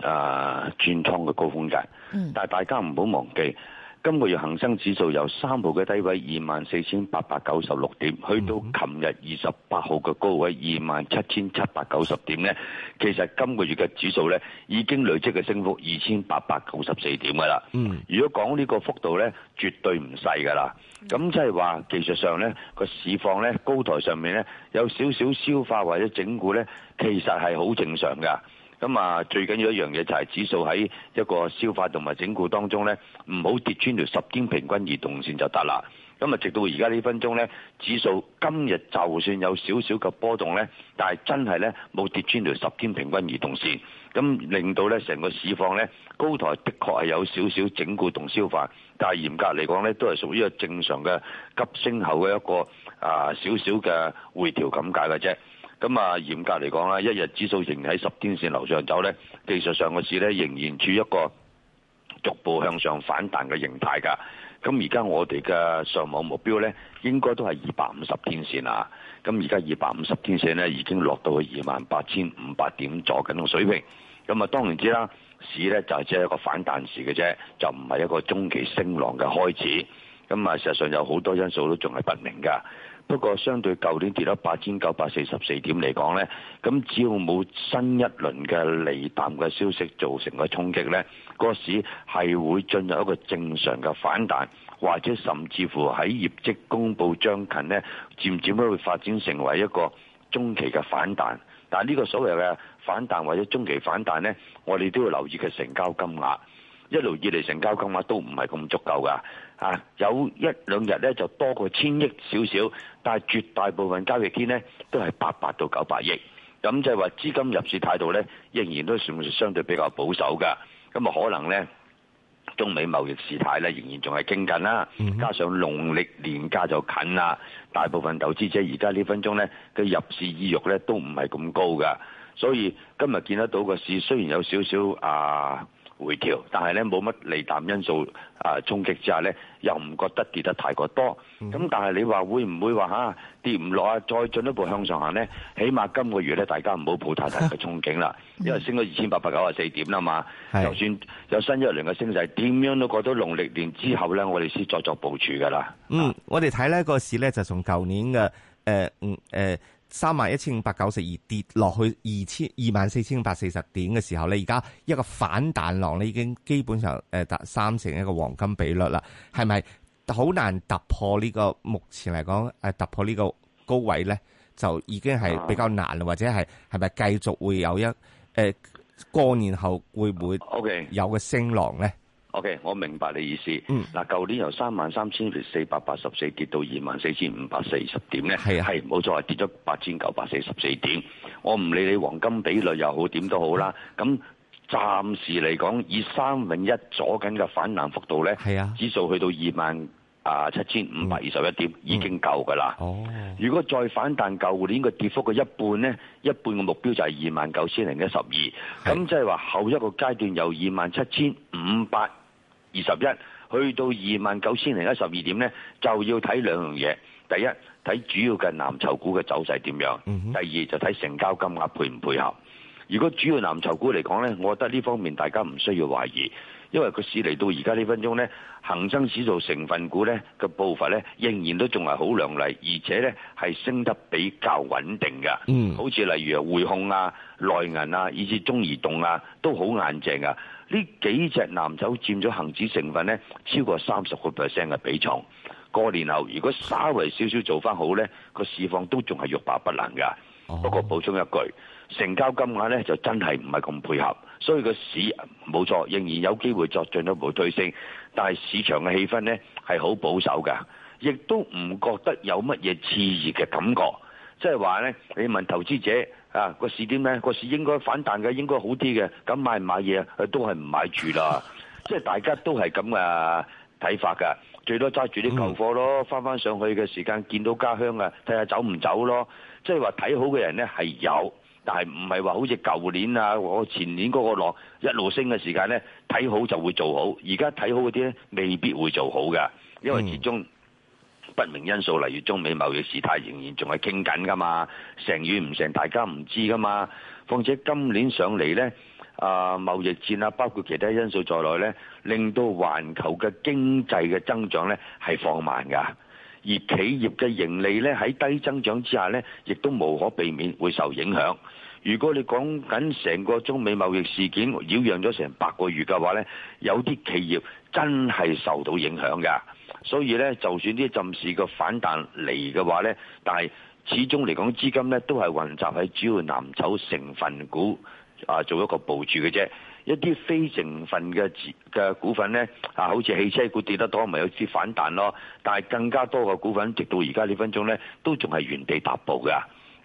誒、啊、轉倉嘅高峰界，嗯、但大家唔好忘記，今個月恒生指數由三號嘅低位二萬四千八百九十六點，去到琴日二十八號嘅高位二萬七千七百九十點呢，其實今個月嘅指數呢已經累積嘅升幅二千八百九十四點㗎啦。嗯，如果講呢個幅度呢，絕對唔細㗎啦。咁即係話技術上呢，個市況呢，高台上面呢，有少少消化或者整固呢，其實係好正常㗎。咁啊，最緊要一樣嘢就係指數喺一個消化同埋整固當中呢，唔好跌穿條十天平均移動線就得啦。咁啊，直到而家呢分鐘呢，指數今日就算有少少嘅波動呢，但係真係呢，冇跌穿條十天平均移動線，咁令到呢成個市況呢，高台的確係有少少整固同消化，但係嚴格嚟講呢，都係屬於一個正常嘅急升後嘅一個啊少少嘅回調咁解嘅啫。咁啊，嚴格嚟講啦，一日指數仍喺十天線樓上走，呢技術上嘅市呢，仍然處一個逐步向上反彈嘅形態㗎。咁而家我哋嘅上網目標呢，應該都係二百五十天線啦。咁而家二百五十天線呢，已經落到二萬八千五百點左近嘅水平。咁啊，當然知啦，市呢就只係一個反彈市嘅啫，就唔係一個中期升浪嘅開始。咁啊，事實上有好多因素都仲係不明㗎。不過，相對舊年跌咗八千九百四十四點嚟講呢，咁只要冇新一輪嘅利淡嘅消息造成嘅衝擊呢，個市係會進入一個正常嘅反彈，或者甚至乎喺業績公布將近呢，漸漸會發展成為一個中期嘅反彈。但呢個所謂嘅反彈或者中期反彈呢，我哋都要留意嘅成交金額，一路以嚟成交金額都唔係咁足夠㗎。啊，有一兩日咧就多過千億少少，但係絕大部分交易天呢，都係八百到九百億，咁就係話資金入市態度呢，仍然都算相對比較保守噶。咁啊，可能呢，中美貿易事態呢，仍然仲係傾緊啦，加上農曆年假就近啦，大部分投資者而家呢分鐘呢，嘅入市意欲呢，都唔係咁高噶，所以今日見得到個市雖然有少少啊。回調，但係咧冇乜利淡因素啊衝擊之下咧，又唔覺得跌得太過多。咁但係你話會唔會話嚇跌唔落啊？再進一步向上行咧，起碼今個月咧，大家唔好抱太大嘅憧憬啦。因為升咗二千八百九十四點啦嘛，就 算有新一輪嘅升勢，點樣都過到農曆年之後咧，我哋先再作部署噶啦，嗯呃。嗯，我哋睇呢個市咧就從舊年嘅誒嗯誒。三萬一千五百九十二跌落去二千二萬四千五百四十點嘅時候咧，而家一個反彈浪咧已經基本上誒達三成一個黃金比率啦，係咪好難突破呢個目前嚟講誒突破呢個高位咧，就已經係比較難啦，或者係係咪繼續會有一誒過年後會唔會有個升浪咧？O.K. 我明白你意思。嗱、嗯，舊年由三萬三千四百八十四跌到二萬四千五百四十點咧，係係冇錯，跌咗八千九百四十四點。我唔理你黃金比率又好點都好啦。咁暫時嚟講，以三分一阻緊嘅反彈幅度咧，係啊，指數去到二萬啊七千五百二十一點已經夠㗎啦。哦，如果再反彈舊年嘅跌幅嘅一半咧，一半嘅目標就係二萬九千零一十二。咁即係話後一個階段由二萬七千五百。二十一去到二萬九千零一十二點咧，就要睇兩樣嘢。第一，睇主要嘅藍籌股嘅走勢點樣；第二，就睇成交金額配唔配合。如果主要藍籌股嚟講咧，我覺得呢方面大家唔需要懷疑。因為佢市嚟到而家呢分鐘呢，恒生指數成分股呢，個步伐呢仍然都仲係好亮麗，而且呢係升得比較穩定嘅。嗯，mm. 好似例如啊匯控啊、內銀啊，以至中移動啊，都好硬淨啊。呢幾隻藍籌佔咗恒指成分呢超過三十個 percent 嘅比重。過年後如果稍為少少做翻好呢，個市況都仲係欲罷不能㗎。Oh. 不過補充一句。成交金額咧就真係唔係咁配合，所以個市冇錯仍然有機會作進一步推升，但係市場嘅氣氛咧係好保守㗎，亦都唔覺得有乜嘢熾熱嘅感覺，即係話咧，你問投資者啊個市點咧？個市應該反彈嘅，應該好啲嘅，咁買唔買嘢？佢都係唔買住啦，即係大家都係咁啊睇法㗎，最多揸住啲舊貨咯，翻翻上去嘅時間見到家鄉啊，睇下走唔走咯，即係話睇好嘅人咧係有。但係唔係話好似舊年啊，我前年嗰個浪一路升嘅時間呢，睇好就會做好。而家睇好嗰啲呢，未必會做好㗎，因為始終不明因素，例如中美貿易事態仍然仲係傾緊㗎嘛，成與唔成大家唔知㗎嘛。況且今年上嚟呢，啊貿易戰啊，包括其他因素在內呢，令到環球嘅經濟嘅增長呢係放慢㗎，而企業嘅盈利呢，喺低增長之下呢，亦都無可避免會受影響。如果你講緊成個中美貿易事件擾攘咗成八個月嘅話呢，有啲企業真係受到影響㗎。所以呢，就算啲暫時嘅反彈嚟嘅話呢，但係始終嚟講，資金呢都係混集喺主要藍籌成分股啊，做一個部署嘅啫。一啲非成分嘅嘅股份呢，啊，好似汽車股跌得多，咪有啲反彈咯。但係更加多嘅股份，直到而家呢分鐘呢，都仲係原地踏步㗎。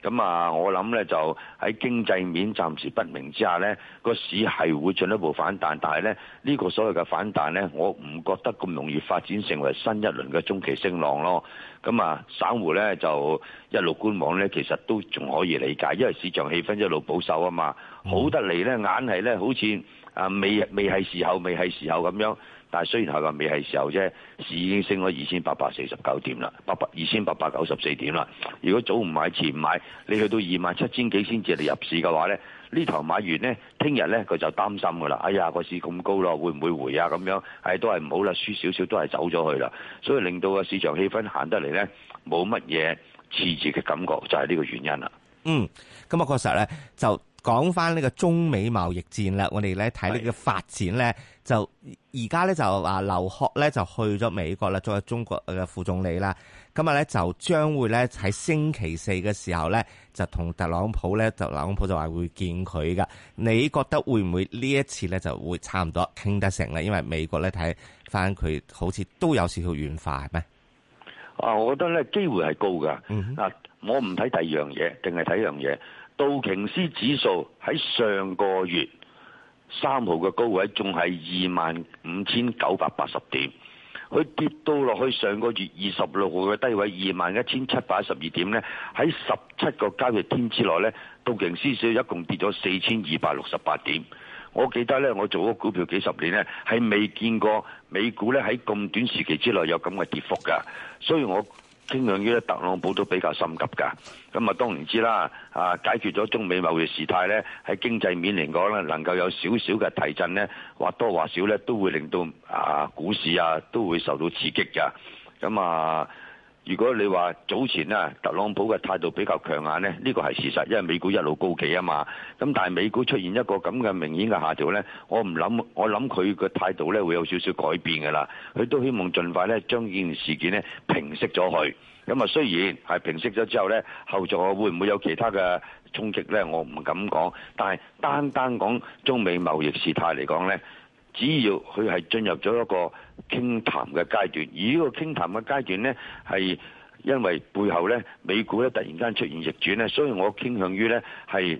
咁啊，我諗咧就喺經濟面暫時不明之下咧，個市係會進一步反彈，但係咧呢、呢個所謂嘅反彈咧，我唔覺得咁容易發展成為新一輪嘅中期升浪咯。咁啊，散戶咧就一路觀望咧，其實都仲可以理解，因為市場氣氛一路保守啊嘛，好得嚟咧，硬係咧好似啊未未係時候，未係時候咁樣。但係雖然係話未係時候啫，市已經升咗二千八百四十九點啦，八百二千八百九十四點啦。如果早唔買、前唔買，你去到二萬七千幾先至嚟入市嘅話咧，呢頭買完咧，聽日咧佢就擔心噶啦。哎呀，個市咁高咯，會唔會回啊？咁樣係都係唔好啦，輸少少都係走咗去啦。所以令到個市場氣氛行得嚟咧，冇乜嘢刺激嘅感覺，就係呢個原因啦。嗯，咁啊，確實咧就。講翻呢個中美貿易戰啦，我哋咧睇呢個發展咧，就而家咧就話劉鶴咧就去咗美國啦，作為中國嘅副總理啦。今日咧就將會咧喺星期四嘅時候咧，就同特朗普咧，就特朗普就話會見佢噶。你覺得會唔會呢一次咧就會差唔多傾得成啦？因為美國咧睇翻佢好似都有少少軟化，係咩？啊，我覺得咧機會係高噶。嗯、哼我唔睇第二樣嘢，淨係睇樣嘢。道瓊斯指數喺上個月三號嘅高位仲係二萬五千九百八十點，佢跌到落去上個月二十六號嘅低位二萬一千七百一十二點呢，喺十七個交易天之內呢，道瓊斯指數一共跌咗四千二百六十八點。我記得呢，我做咗股票幾十年呢，係未見過美股呢喺咁短時期之內有咁嘅跌幅㗎，所以我。傾向於咧，特朗普都比較心急㗎。咁啊，當然知啦。啊，解決咗中美貿易事態咧，喺經濟面嚟講咧，能夠有少少嘅提振咧，或多或少咧，都會令到啊股市啊都會受到刺激㗎。咁啊～如果你話早前、啊、特朗普嘅態度比較強硬呢，呢個係事實，因為美股一路高企啊嘛。咁但係美股出現一個咁嘅明顯嘅下調呢，我唔諗，我諗佢嘅態度呢會有少少改變㗎啦。佢都希望盡快呢將呢件事件呢平息咗佢。咁啊，雖然係平息咗之後呢，後續會唔會有其他嘅衝擊呢？我唔敢講。但係單單講中美貿易事態嚟講呢。只要佢係進入咗一個傾談嘅階段，而呢個傾談嘅階段呢，係因為背後呢美股咧突然間出現逆轉呢，所以我傾向於呢係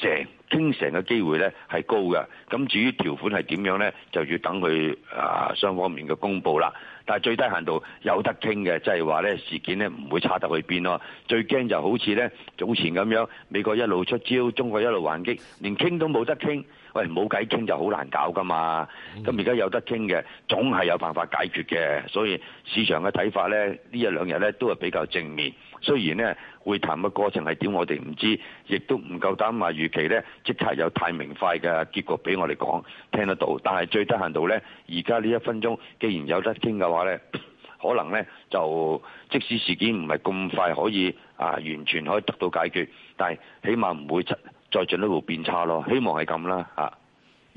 成傾成嘅機會呢係高嘅。咁至於條款係點樣呢？就要等佢啊雙方面嘅公佈啦。但係最低限度有得傾嘅，即係話呢事件呢唔會差得去邊咯。最驚就好似呢，早前咁樣，美國一路出招，中國一路還擊，連傾都冇得傾。喂，冇計傾就好難搞㗎嘛，咁而家有得傾嘅，總係有辦法解決嘅，所以市場嘅睇法呢，呢一兩日呢都係比較正面。雖然呢會談嘅過程係點，我哋唔知，亦都唔夠膽話預期呢即刻有太明快嘅結果俾我哋講聽得到。但係最低限度呢而家呢一分鐘既然有得傾嘅話呢，可能呢就即使事件唔係咁快可以啊完全可以得到解決，但係起碼唔會出。再進一步變差咯，希望係咁啦吓。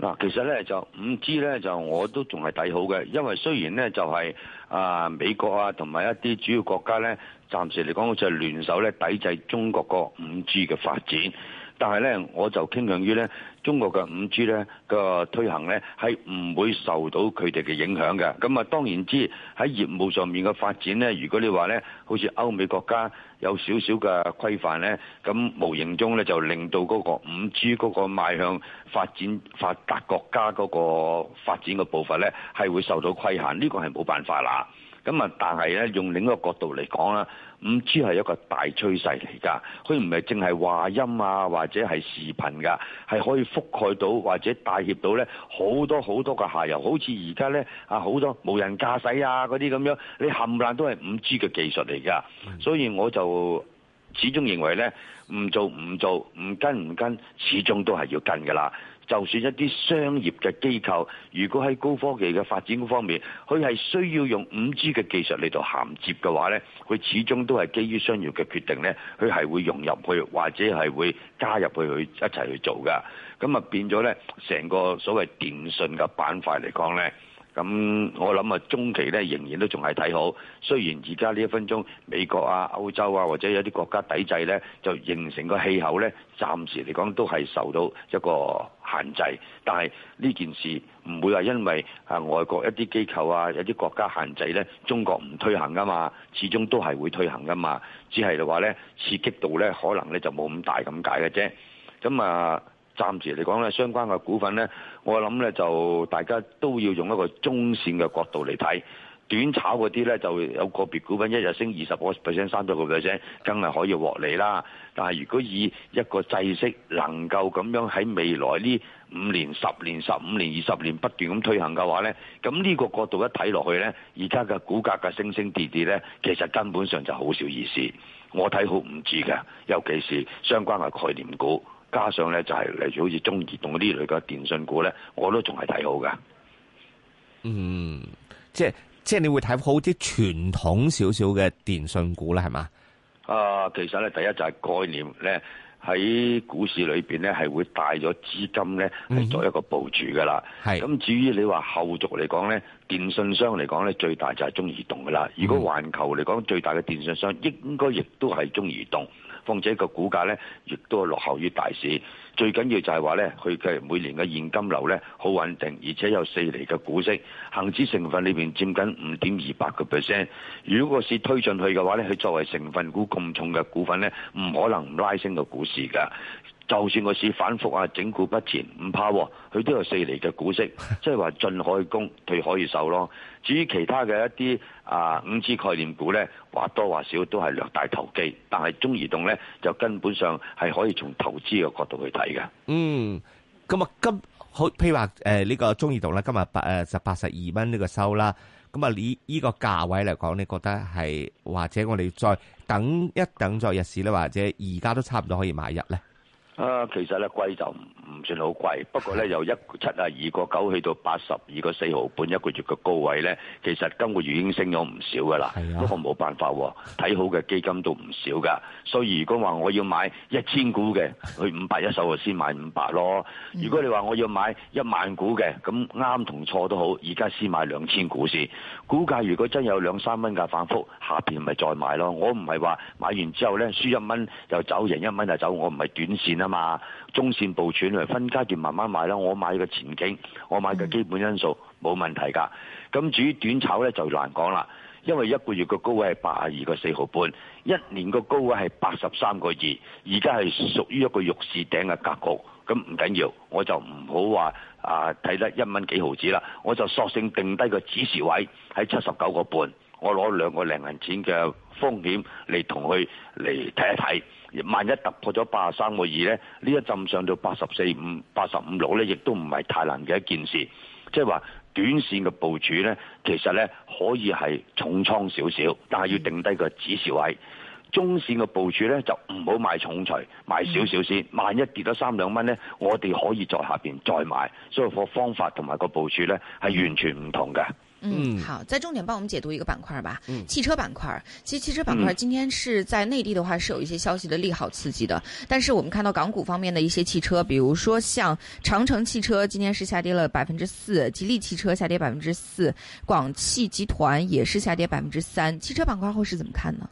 嗱，其實咧就五 G 咧就我都仲係抵好嘅，因為雖然咧就係、是、啊美國啊同埋一啲主要國家咧，暫時嚟講好似係聯手咧抵制中國個五 G 嘅發展。但係咧，我就傾向於咧，中國嘅五 G 咧個推行咧係唔會受到佢哋嘅影響嘅。咁啊，當然之喺業務上面嘅發展咧，如果你話咧，好似歐美國家有少少嘅規範咧，咁無形中咧就令到嗰個五 G 嗰個邁向發展發達國家嗰個發展嘅步伐咧，係會受到規限。呢個係冇辦法啦。咁啊，但係咧，用另一個角度嚟講啦。五 G 係一個大趨勢嚟㗎，佢唔係淨係話音啊，或者係視頻㗎，係可以覆蓋到或者帶挈到呢好多好多個下游，好似而家呢，啊好多無人駕駛啊嗰啲咁樣，你冚唪唥都係五 G 嘅技術嚟㗎，所以我就始終認為呢，唔做唔做，唔跟唔跟，始終都係要跟㗎啦。就算一啲商業嘅機構，如果喺高科技嘅發展方面，佢係需要用五 G 嘅技術嚟到銜接嘅話呢，佢始終都係基於商業嘅決定呢，佢係會融入去，或者係會加入去，去一齊去做噶。咁啊變咗呢，成個所謂電訊嘅板塊嚟講呢。咁我諗啊，中期咧仍然都仲係睇好，雖然而家呢一分鐘美國啊、歐洲啊或者有啲國家抵制咧，就形成個氣候咧，暫時嚟講都係受到一個限制。但係呢件事唔會話因為啊外國一啲機構啊有啲國家限制咧，中國唔推行㗎嘛，始終都係會推行㗎嘛，只係就話咧刺激度咧可能咧就冇咁大咁解嘅啫。咁啊～暫時嚟講咧，相關嘅股份咧，我諗咧就大家都要用一個中線嘅角度嚟睇，短炒嗰啲咧就有個別股份一日升二十個 percent、三十個 percent，梗係可以獲利啦。但係如果以一個制式能夠咁樣喺未來呢五年、十年、十五年、二十年不斷咁推行嘅話咧，咁呢個角度一睇落去咧，而家嘅股價嘅升升跌跌咧，其實根本上就好少意思。我睇好五 G 嘅，尤其是相關嘅概念股。加上咧就係、是、例如好似中移動嗰啲類嘅電信股咧，我都仲係睇好噶。嗯，即係即係你會睇好啲傳統少少嘅電信股咧，係嘛？啊，其實咧第一就係概念咧喺股市裏邊咧係會帶咗資金咧係作一個部署噶啦。係咁、嗯、哼至於你話後續嚟講咧，電信商嚟講咧最大就係中移動噶啦。如果環球嚟講、嗯、最大嘅電信商應該亦都係中移動。況且個股價咧，亦都係落後於大市。最緊要就係話咧，佢嘅每年嘅現金流咧好穩定，而且有四厘嘅股息，恆指成分裏邊佔緊五點二八個 percent。如果個市推進去嘅話咧，佢作為成分股咁重嘅股份咧，唔可能唔拉升到股市㗎。就算個市反覆啊，整固不前，唔怕佢都有四厘嘅股息，即係話進可以攻，退可以守咯。至於其他嘅一啲啊五 G 概念股咧，或多或少都係略大投機，但係中移動咧就根本上係可以從投資嘅角度去睇嘅。嗯，咁啊今好譬如話呢、呃這個中移動咧，今日八誒八十二蚊呢個收啦。咁啊，呢、這、依個價位嚟講，你覺得係或者我哋再等一等再入市咧，或者而家都差唔多可以買入咧？啊，其實咧貴就唔算好貴，不過咧由一七啊二個九去到八十二個四毫半一個月嘅高位咧，其實今個月已經升咗唔少噶啦。不過冇辦法喎、哦，睇好嘅基金都唔少噶，所以如果話我要買一千股嘅，去五百一手我先買五百咯。如果你話我要買一萬股嘅，咁啱同錯都好，而家先買兩千股先。股價如果真有兩三蚊嘅反覆，下邊咪再買咯。我唔係話買完之後咧輸一蚊就走，贏一蚊就走，我唔係短線啊。中線部倉嚟分階段慢慢買啦。我買嘅前景，我買嘅基本因素冇問題㗎。咁至於短炒呢，就難講啦，因為一個月嘅高位係八啊二個四毫半，一年嘅高位係八十三個二，而家係屬於一個玉市頂嘅格局。咁唔緊要，我就唔好話啊睇得一蚊幾毫子啦，我就索性定低個指示位喺七十九個半，我攞兩個零銀錢嘅風險嚟同佢嚟睇一睇。萬一突破咗八十三個二呢，呢一陣上到八十四、五八十五六呢，亦都唔係太難嘅一件事。即係話，短線嘅部署呢，其實呢可以係重倉少少，但係要定低個止蝕位。中線嘅部署呢，就唔好買重除，買少少先。萬一跌咗三兩蚊呢，我哋可以在下面再買。所以個方法同埋個部署呢，係完全唔同嘅。嗯，好，再重點幫我們解讀一個板塊吧。嗯，汽車板塊，其實汽車板塊今天是在內地的話是有一些消息的利好刺激的，嗯、但是我們看到港股方面的一些汽車，比如說像長城汽車今天是下跌了百分之四，吉利汽車下跌百分之四，廣汽集團也是下跌百分之三，汽車板塊後市怎麼看呢？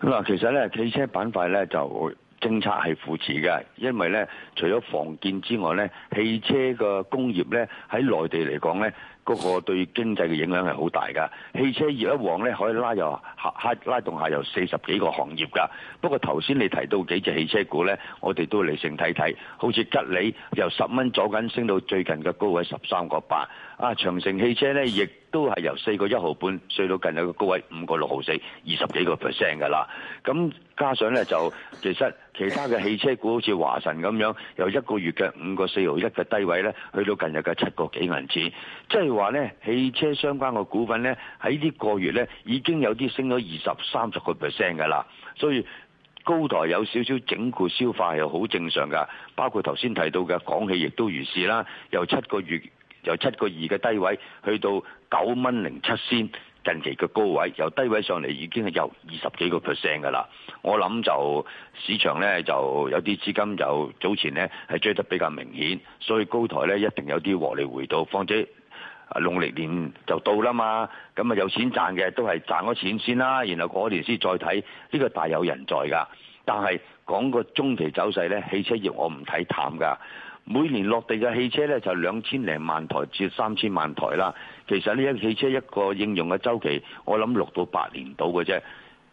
嗱，其實呢汽車板塊呢，就政策係扶持嘅，因為呢，除咗房建之外呢汽車的工業呢喺內地嚟講呢。嗰個對經濟嘅影響係好大㗎，汽車業一旺咧，可以拉由下下拉動下有四十幾個行業㗎。不過頭先你提到幾隻汽車股咧，我哋都嚟成睇睇，好似吉利由十蚊左緊升到最近嘅高位十三個八。啊！長城汽車咧，亦都係由四個一毫半，去到近日嘅高位五個六毫四，二十幾個 percent 嘅啦。咁加上咧，就其實其他嘅汽車股，好似華晨咁樣，由一個月嘅五個四毫一嘅低位咧，去到近日嘅七個幾銀錢。即係話咧，汽車相關嘅股份咧，喺呢個月咧已經有啲升咗二十三十個 percent 嘅啦。所以高台有少少整固消化係好正常㗎，包括頭先提到嘅廣汽亦都如是啦，由七個月。由七個二嘅低位去到九蚊零七仙近期嘅高位，由低位上嚟已經係有二十幾個 percent 㗎啦。我諗就市場咧就有啲資金就早前咧係追得比較明顯，所以高台咧一定有啲獲利回吐，況且農曆、啊、年，年就到啦嘛，咁啊有錢賺嘅都係賺咗錢先啦，然後過一年先再睇呢個大有人在㗎。但係講個中期走勢咧，汽車業我唔睇淡㗎。每年落地嘅汽車咧就兩千零萬台至三千萬台啦。其實呢一汽車一個應用嘅周期，我諗六到八年到嘅啫。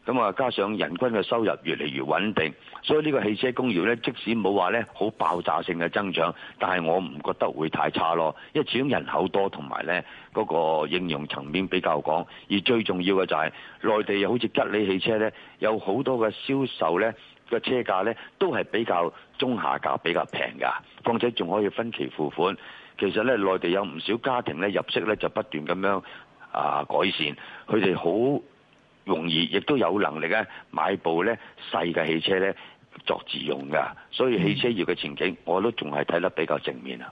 咁啊，加上人均嘅收入越嚟越穩定，所以呢個汽車工業咧，即使冇話咧好爆炸性嘅增長，但係我唔覺得會太差咯。因為始終人口多同埋咧嗰個應用層面比較廣，而最重要嘅就係內地又好似吉利汽車咧，有好多嘅銷售咧。個車價呢都係比較中下價，比較平噶，況且仲可以分期付款。其實呢，內地有唔少家庭呢入息呢就不斷咁樣啊改善，佢哋好容易亦都有能力呢買部呢細嘅汽車呢作自用噶，所以汽車業嘅前景我都仲係睇得比較正面啊！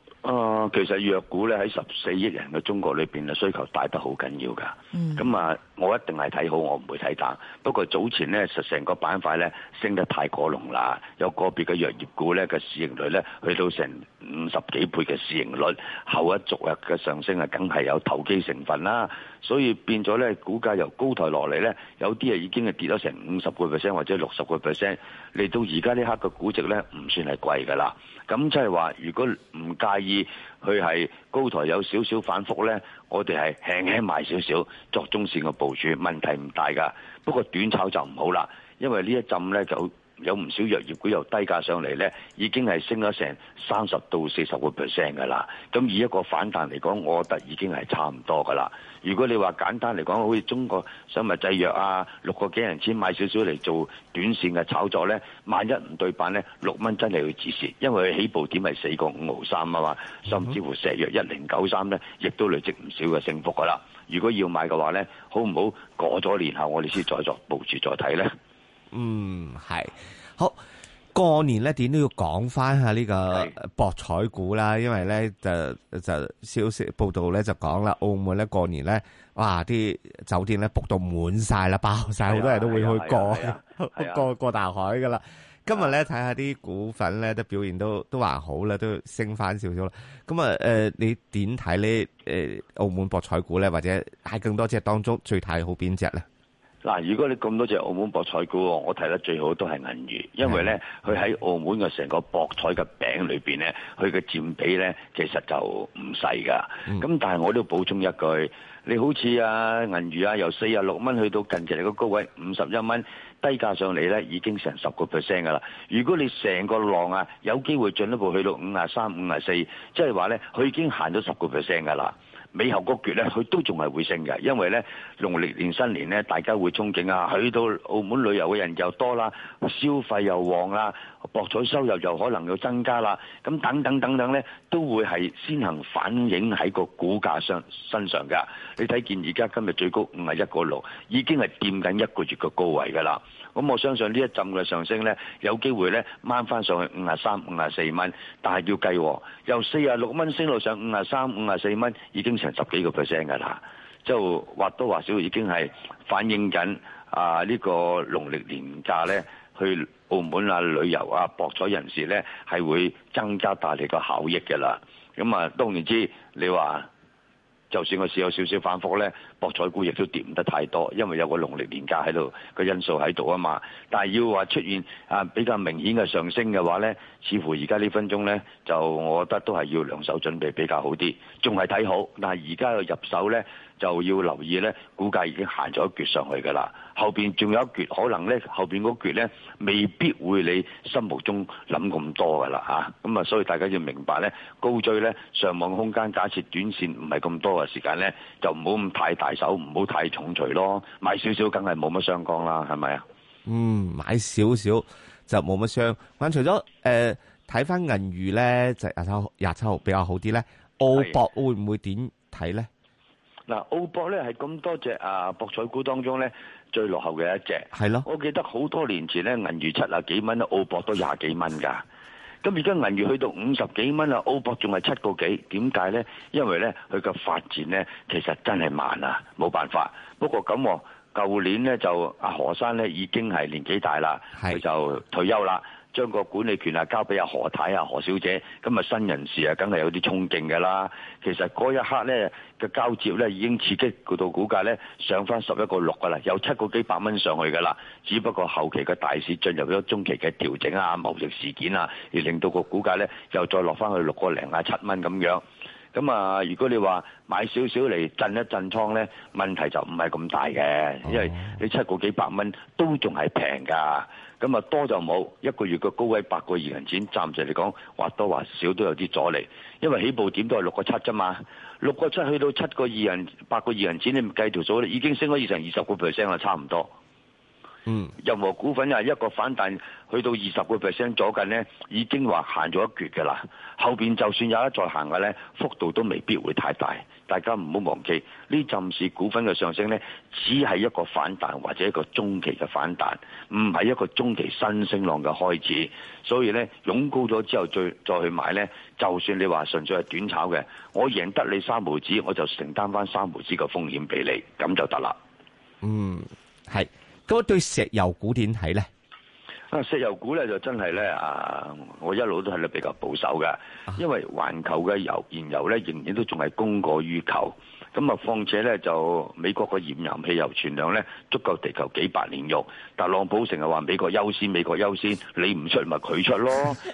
啊，uh, 其實藥股咧喺十四億人嘅中國裏面啊，需求大得好緊要㗎。咁啊、mm.，我一定係睇好，我唔會睇淡。不過早前咧，實成個板塊咧升得太過濃啦，有個別嘅藥業股咧嘅市盈率咧去到成五十幾倍嘅市盈率，後一續啊嘅上升啊，梗係有投機成分啦。所以變咗咧，股價由高台落嚟咧，有啲啊已經係跌咗成五十個 percent 或者六十個 percent，嚟到而家呢刻嘅估值咧，唔算係貴噶啦。咁即係話，如果唔介意佢係高台有少少反覆咧，我哋係輕輕賣少少，作中線嘅部署，問題唔大噶。不過短炒就唔好啦，因為呢一陣咧就。有唔少藥業股由低價上嚟呢，已經係升咗成三十到四十個 percent 嘅啦。咁以一個反彈嚟講，我覺得已經係差唔多嘅啦。如果你話簡單嚟講，好似中國生物製藥啊，六個幾銀錢買少少嚟做短線嘅炒作呢，萬一唔對版呢，呢六蚊真係要自蝕，因為起步點係四個五毫三啊嘛。甚至乎石藥一零九三呢，亦都累積唔少嘅升幅嘅啦。如果要買嘅話呢，好唔好過咗年後我哋先再作部署再睇呢？嗯，係好過年咧，點都要講翻下呢個博彩股啦，因為咧就就消息報道咧就講啦，澳門咧過年咧，哇啲酒店咧 book 到滿晒啦，爆晒，好多人都會去過、啊啊啊啊、過過大海噶啦。啊、今日咧睇下啲股份咧，都表現都都還好啦，都升翻少少啦。咁、嗯、啊，誒、呃，你點睇呢？誒、呃，澳門博彩股咧，或者喺更多隻當中最隻，最睇好邊隻咧？嗱，如果你咁多隻澳門博彩股喎，我睇得最好都係銀娛，因為咧佢喺澳門嘅成個博彩嘅餅裏面咧，佢嘅佔比咧，其實就唔細噶。咁、嗯、但係我都補充一句，你好似啊銀娛啊，由四啊六蚊去到近期個高位五十一蚊，低價上嚟咧，已經成十個 percent 噶啦。如果你成個浪啊有機會進一步去到五啊三五啊四，即係話咧，佢已經行咗十個 percent 噶啦。美後個月咧，佢都仲係會升嘅，因為咧農曆年新年咧，大家會憧憬啊，去到澳門旅遊嘅人又多啦，消費又旺啦，博彩收入又可能又增加啦，咁等等等等咧，都會係先行反映喺個股價上身上㗎。你睇見而家今日最高五十一個六，已經係掂緊一個月嘅高位㗎啦。咁我相信呢一陣嘅上升呢，有機會呢掹翻上去五廿三、五廿四蚊，但係要計、哦，由四廿六蚊升到上五廿三、五廿四蚊，已經成十幾個 percent 㗎啦，即係或多或少已經係反映緊啊呢、呢個農曆年假呢，去澳門啊旅遊啊博彩人士呢係會增加帶嚟個效益㗎啦。咁啊，當然之你話。就算個市有少少反覆咧，博彩股亦都跌唔得太多，因為有個農曆年假喺度個因素喺度啊嘛。但係要話出現啊比較明顯嘅上升嘅話咧，似乎而家呢分鐘咧就我覺得都係要兩手準備比較好啲，仲係睇好，但係而家嘅入手咧。就要留意咧，股價已經行咗一撅上去噶啦，後面仲有一撅，可能咧後面嗰撅咧未必會你心目中諗咁多噶啦嚇，咁啊所以大家要明白咧，高追咧上望空間，假設短線唔係咁多嘅時間咧，就唔好咁太大手，唔好太重錘咯，買少少梗係冇乜相干啦，係咪啊？嗯，買少少就冇乜傷。咁除咗睇翻銀娛咧，就廿七號、廿七號比較好啲咧，的澳博會唔會點睇咧？嗱，澳博咧係咁多隻啊博彩股當中咧最落後嘅一隻，係咯。我記得好多年前咧銀娛七啊幾蚊，澳博都廿幾蚊㗎。咁而家銀娛去到五十幾蚊啦，澳博仲係七個幾，點解咧？因為咧佢嘅發展咧其實真係慢啊，冇辦法。不過咁喎、啊，舊年咧就阿何生咧已經係年紀大啦，佢是就退休啦。將個管理權啊交俾阿何太啊何小姐，咁啊新人士啊梗係有啲衝勁嘅啦。其實嗰一刻呢，嘅交接呢已經刺激到到股價呢，上翻十一個六噶啦，有七個幾百蚊上去噶啦。只不過後期嘅大市進入咗中期嘅調整啊，貿易事件啊，而令到個股價呢又再落翻去六個零啊七蚊咁樣。咁啊，如果你話買少少嚟震一震倉咧，問題就唔係咁大嘅，因為你七個幾百蚊都仲係平噶。咁啊，多就冇，一個月個高位八個二銀錢，暫時嚟講，或多或少都有啲阻力。因為起步點都係六個七啫嘛，六個七去到七個二銀、八個二銀錢，你計條數咧，已經升咗二成二十個 percent 啦，差唔多。嗯，任何股份又一個反彈去到二十個 percent 左近呢，已經話行咗一橛嘅啦。後邊就算有得再行嘅呢，幅度都未必會太大。大家唔好忘記，呢陣時股份嘅上升呢，只係一個反彈或者一個中期嘅反彈，唔係一個中期新升浪嘅開始。所以呢，湧高咗之後再再去買呢，就算你話純粹係短炒嘅，我贏得你三毫子，我就承擔翻三毫子嘅風險俾你，咁就得啦。嗯，係。咁對石油股點睇呢？啊，石油股咧就真係咧啊，我一路都睇得比較保守嘅，因為環球嘅油、燃油咧仍然都仲係供過於求，咁啊，況且咧就美國嘅燃油汽油存量咧足夠地球幾百年用，但特朗普成日話美國優先，美國優先，你唔出咪佢出咯，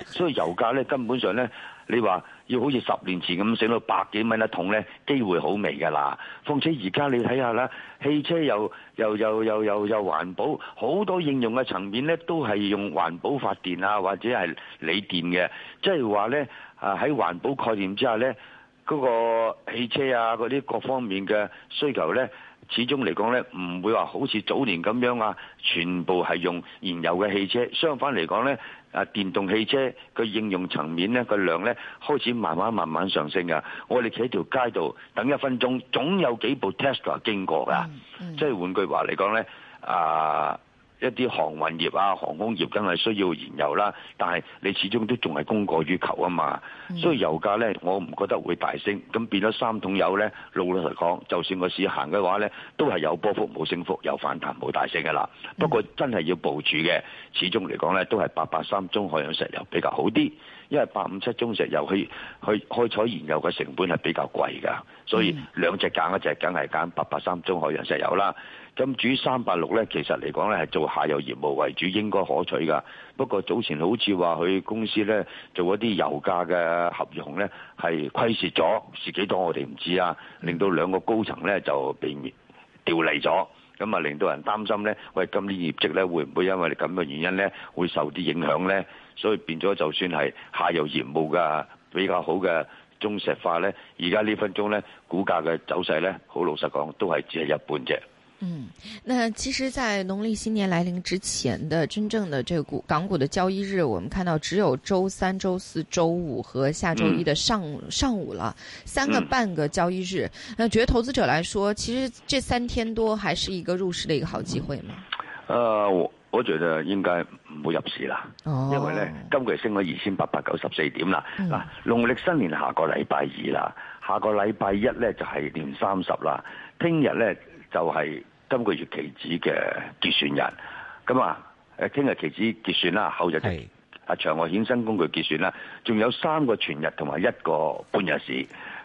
所以油價咧根本上咧。你話要好似十年前咁升到百幾蚊一桶呢，機會好微㗎啦。況且而家你睇下啦，汽車又又又又又又環保，好多應用嘅層面呢，都係用環保發電啊，或者係理電嘅。即係話呢，啊喺環保概念之下呢，嗰個汽車啊，嗰啲各方面嘅需求呢，始終嚟講呢，唔會話好似早年咁樣啊，全部係用燃油嘅汽車。相反嚟講呢。啊！電動汽車佢應用層面咧，個量咧開始慢慢慢慢上升啊！我哋企喺條街度等一分鐘，總有幾部 Tesla 經過噶，即係換句話嚟講咧，啊、呃！一啲航運業啊、航空業梗係需要燃油啦，但係你始終都仲係供過於求啊嘛，嗯、所以油價呢，我唔覺得會大升，咁變咗三桶油呢，老老實講，就算個市行嘅話呢，都係有波幅冇升幅，有反彈冇大升噶啦。不過真係要部署嘅，始終嚟講呢，都係八八三中海洋石油比較好啲，因為八五七中石油去去開採燃油嘅成本係比較貴噶，所以兩隻揀一隻，梗係揀八八三中海洋石油啦。咁主三八六咧，其實嚟講咧係做下游業務為主，應該可取噶。不過早前好似話佢公司咧做一啲油價嘅合用咧，係虧蝕咗，蝕幾多我哋唔知啊。令到兩個高層咧就被調離咗，咁啊令到人擔心咧。喂，今年業績咧會唔會因為咁嘅原因咧會受啲影響咧？所以變咗就算係下游業務嘅比較好嘅中石化咧，而家呢分鐘咧股價嘅走勢咧，好老實講都係只係一半啫。嗯，那其實，在農曆新年來臨之前的真正的這個股港股的交易日，我們看到只有周三、周四周五和下周一的上、嗯、上午了，三個半個交易日。嗯、那覺得投資者來說，其實這三天多還是一個入市的一個好機會嗎，呃我，我覺得應該唔會入市啦，哦、因為呢今期升咗二千八百九十四點啦。嗱、嗯啊，農曆新年下個禮拜二啦，下個禮拜一呢就係年三十啦，聽日呢。就係今個月期指嘅結算日，咁啊，誒聽日期指結算啦，後日就啊場外衍生工具結算啦，仲有三個全日同埋一個半日市，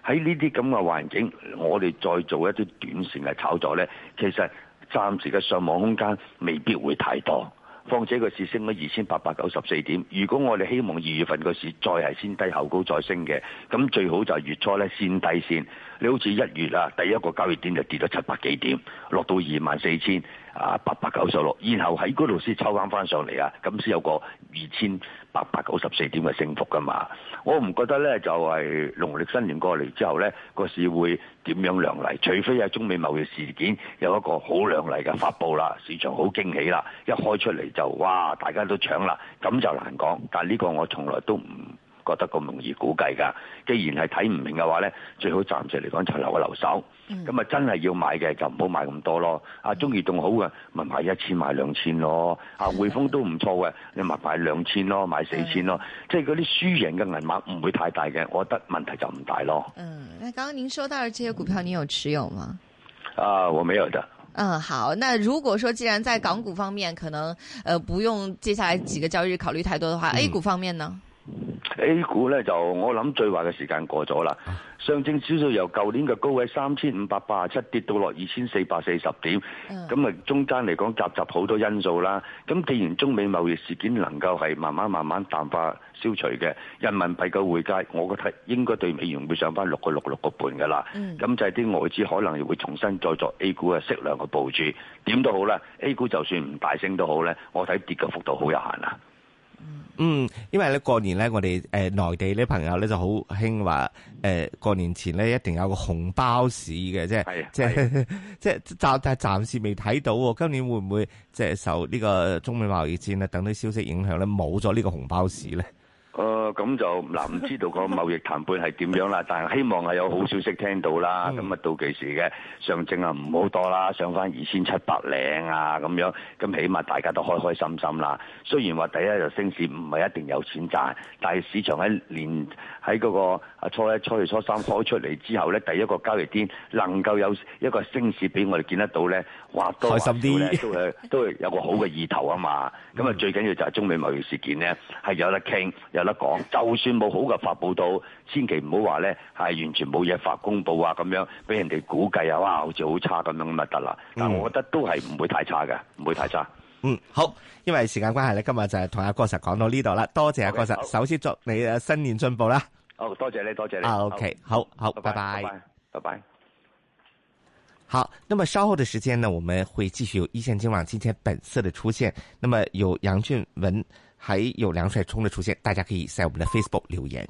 喺呢啲咁嘅環境，我哋再做一啲短線嘅炒作咧，其實暫時嘅上望空間未必會太多。況且個市升咗二千八百九十四點。如果我哋希望二月份個市再係先低後高再升嘅，咁最好就係月初咧先低先，你好似一月啊，第一個交易天就跌咗七百幾點，落到二萬四千。啊，八百九十六，然後喺嗰度先抽翻翻上嚟啊，咁先有個二千八百九十四點嘅升幅㗎嘛，我唔覺得呢就係、是、農曆新年過嚟之後呢個市會點樣靚麗，除非係中美貿易事件有一個好靚麗嘅發布啦，市場好驚喜啦，一開出嚟就哇大家都搶啦，咁就難講，但係呢個我從來都唔覺得咁容易估計㗎。既然係睇唔明嘅話咧，最好暫時嚟講就留一留守。咁啊、嗯，真係要買嘅就唔好買咁多咯。嗯、啊，中移動好嘅，咪買一千買兩千咯。啊，匯豐都唔錯嘅，啊、你咪買兩千咯，買四千咯。嗯、即係嗰啲輸贏嘅銀碼唔會太大嘅，我覺得問題就唔大咯。嗯，那剛剛您說到嘅這些股票，你有持有嗎？嗯、啊，我沒有嘅。嗯，好。那如果說，既然在港股方面可能，呃，不用，接下來幾個交易日考慮太多的話、嗯，A 股方面呢？A 股咧，就我諗最壞嘅時間過咗啦，上證指數由舊年嘅高位三千五百八十七跌到落二千四百四十點，咁啊、嗯、中間嚟講夾雜好多因素啦。咁既然中美貿易事件能夠係慢慢慢慢淡化消除嘅，人民幣嘅匯價我覺得應該對美元會上返六個六六個半噶啦。咁、嗯、就係啲外資可能又會重新再作 A 股嘅適量嘅部署。點都好啦 A 股就算唔大升都好咧，我睇跌嘅幅度好有限啦。嗯，因為咧過年咧，我哋誒、呃、內地啲朋友咧就好興話，誒、呃、過年前咧一定有個紅包市嘅，即係即係即係暫但係暫時未睇到，哦，今年會唔會即係受呢個中美貿易戰咧等啲消息影響咧冇咗呢個紅包市咧？誒咁、呃、就嗱，唔知道個貿易談判係點樣啦，但係希望係有好消息聽到啦。咁啊、嗯，到幾時嘅上證啊，唔好多啦，上翻二千七百零啊咁樣。咁起碼大家都開開心心啦。雖然話第一日升市唔係一定有錢賺，但係市場喺年喺嗰個初一、初二、初三開出嚟之後咧，第一個交易天能夠有一個升市俾我哋見得到咧，或多或少咧都係都係有個好嘅意頭啊嘛。咁啊、嗯，最緊要就係中美貿易事件咧係有得傾。得講，就算冇好嘅發佈到，千祈唔好話咧係完全冇嘢發公布啊，咁樣俾人哋估計啊，哇，好似好差咁樣咁得啦。但我覺得都係唔會太差嘅，唔、嗯、會太差。嗯，好，因為時間關係咧，今日就係同阿郭 s 講到呢度啦。多謝阿郭 s 首先祝你的新年進步啦。多謝你，多謝你。o k 好好，拜拜，拜拜，好。那麼稍後的時間呢，我們會繼續有《一線金網今天本色的出現，那麼有楊俊文。還有梁帥沖的出現，大家可以在我們的 Facebook 留言。